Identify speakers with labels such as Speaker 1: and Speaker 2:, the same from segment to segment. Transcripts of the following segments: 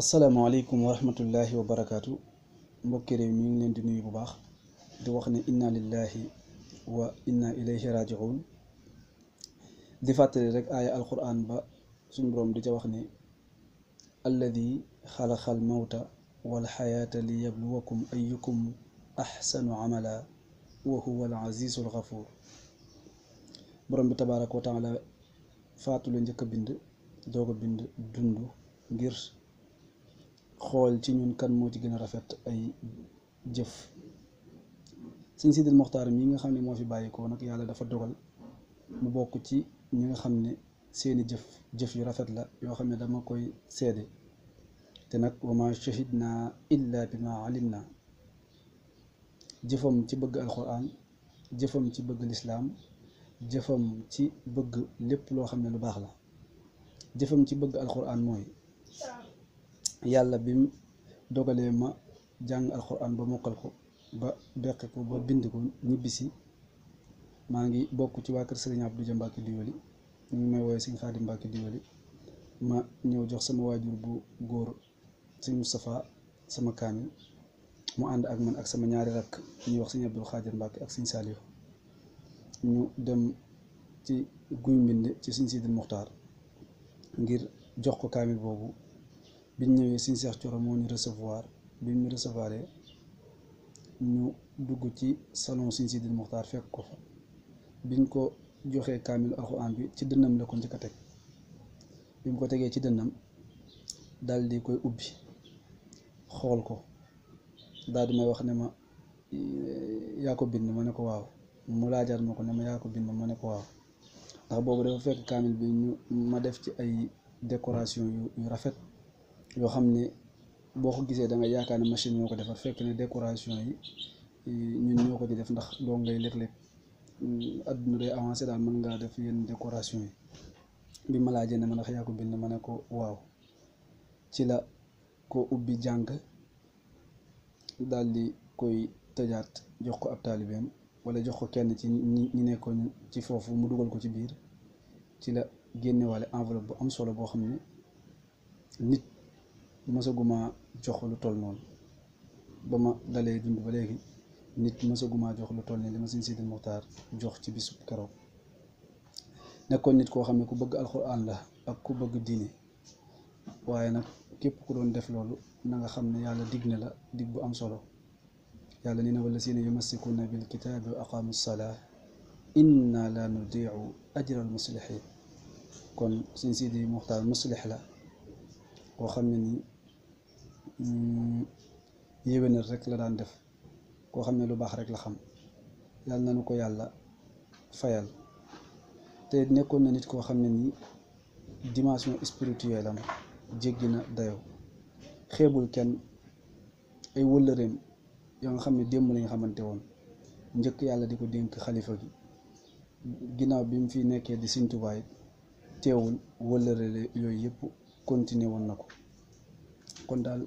Speaker 1: assalamu asalaamaaleykum wa rahmatullahi wa barakatuh mbokki réew mi ngi leen di nuyu bu baax di wax ni inna lillahi wa inna ilayhi rajiun di fatale rek aya alquran ba suñ borom di ci wax ni alladhi khalaqa almauta mawta wal xayaata li yabluwakum ayukum amala wa huwa alazizul ghafur borom bi tabaraka wa taala faatu la njëkk bind dogo bind dundu ngir xool ci ñun kan moo ci gën a rafet ay jëf sëñ Sidil Moxtaar mi nga xam ne moo fi bàyyikoo nag yàlla dafa dogal mu bokk ci ñi nga xam ne seeni jëf jëf yu rafet la yoo xam ne dama koy seede te nag wa ma shahidna illa bi ma alim na jëfam ci bëgg alquran jëfam ci bëgg lislaam jëfam ci bëgg lépp loo xam ne lu baax la jëfam ci bëgg alquran mooy yàlla bi mu dogalee ma jàng alxuraan ba mokkal ko ba beqe ko ba bind ko ñibbisi maa ngi bokk ci waa kër Serigne Abdou Dia Mbacke Diwali ngi may woowee siñ Khadim Mbacke Diwali ma ñëw jox sama waajur bu góor Serigne Moustapha sama kaamil mu ànd ak man ak sama ñaari rakk ñuy wax Serigne Abdou Khadir Mbacke ak Serigne Saliou ñu dem ci guy mbind ci Serigne Sidi Muxtaar ngir jox ko kaamil boobu biñ ñëwee suñ Seex Coro moo ñu recevoir bi ñu recevoir ñu dugg ci salon suñ Sidil Muxtaar fekk ko fa biñ ko joxee kaamil alxuraan bi ci dënnam la ko njëkk a teg bi ko tegee ci dënnam daal di koy ubbi xool ko daal di may wax ne ma eh, yaa ko bind ma ne ko waaw mu laajaat ma ko ne ma yaa ko bind ma ne ko waaw ndax boobu dafa fekk kaamil bi ñu ma def ci ay décoration yu yu rafet yoo xam ne boo ko gisee dangay nga yaakaar ne machine moo ko defar fekk ne décoration yi ñun ñoo ko di def ndax doo ngay léeg-léeg mm, adduna day avancé daal mën ngaa def yenn décoration yi bi ma laajee ne ma ndax yaa ko bind ma ne ko waaw ci la ko ubbi jàng daal di koy tëjaat jox ko ab taalibeem wala jox ko kenn ci ñi nekkoon ci foofu mu dugal ko ci biir ci la génnewaale enveloppe bu am solo boo xam ne nit mësaguma jox lu toll noonu ba ma dund ba léegi nit mësaguma jox lu toll nii li ma sëñ Sidi Muxtaar jox ci bisub keroog nekkoon nit koo xam ne ku bëgg alxuraan la ak ku bëgg diine waaye nag képp ku doon def loolu na nga xam yàlla dig la dig bu am solo yàlla nee wala siina yumassikuuna bil kitaabi wa aqaamu salaa inna la nudiicu ajra al muslixiin kon sëñ Sidi Muxtaar muslix la koo xam ne yéwénal rek la daan def koo xam ne lu baax rek la xam yàlla na ko yàlla fayal te nekkoon na nit koo xam ne nii dimension spirituelle am jéggi na dayoo xeebul kenn ay wëllëreem yoo nga xam ne démb lañ xamante woon njëkk yàlla di ko dénk xalifa gi ginnaaw bi mu fi nekkee di Sëñ Tuubaa teewul wëllëre yooyu yëpp continuer woon na ko kon daal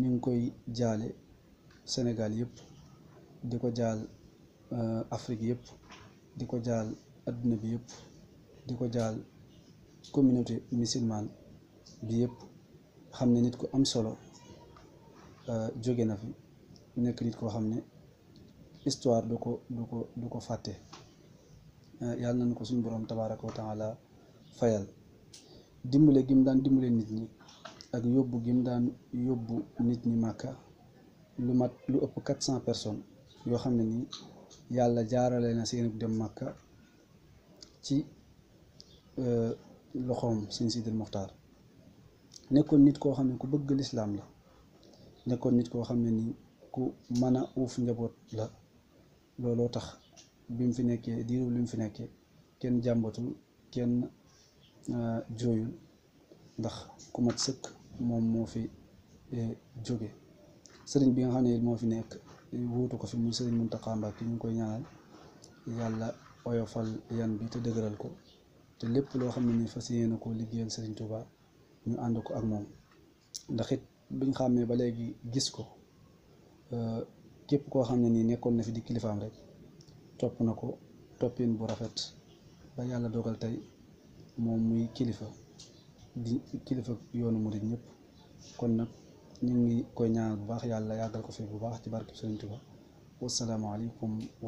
Speaker 1: ñu ngi koy jaale Sénégal yépp di ko jaal Afrique yépp di ko jaal aduna bi yépp di ko jaal communauté musulmane bi yépp xam ne nit ku am solo jóge na fi nekk nit koo xam ne histoire du ko du ko du ko fàtte yàlla nañu ko suñu borom tabaaraka wa taala fayal dimbale gi mu daan dimbale nit ñi ak yóbbu gim daan yóbbu nit ñi màkka lu mat lu ëpp quatre cent personnes yoo xam ne nii yàlla jaarale na seen dem màkka ci euh, loxoom sëñ Sidil Muxtaar nekkoon nit koo xam ne ku bëgg lislaam la nekkoon nit koo xam ne nii ku mën a uuf njaboot la looloo tax bi mu fi nekkee diiru li mu fi nekkee kenn jàmbatul kenn euh, jooyul ndax ku mat sëkk moom moo fi eh, jóge sëriñ bi nga xam ne moo fi nekk wuutu ko fi muy sëriñ Muntaxa Mbàkke ñu koy ñaanal yàlla oyofal yan bi te dëgëral ko te lépp loo xam ne ni fa fas yéene ko liggéeyal sëriñ Touba ñu ànd ko ak moom ndax it biñ xàmmee ba léegi gis ko eh, képp koo xam ne nii nekkoon na fi di kilifaam rek topp na ko toppin bu rafet ba yàlla dogal tey moom muy kilifa di kilifa yoonu murit ñëpp kon nag ñu ngi koy ñaanal bu baax yàlla yàggal ko fi bu baax ci barke Sëriñ Tuubaa wasalaamaaleykum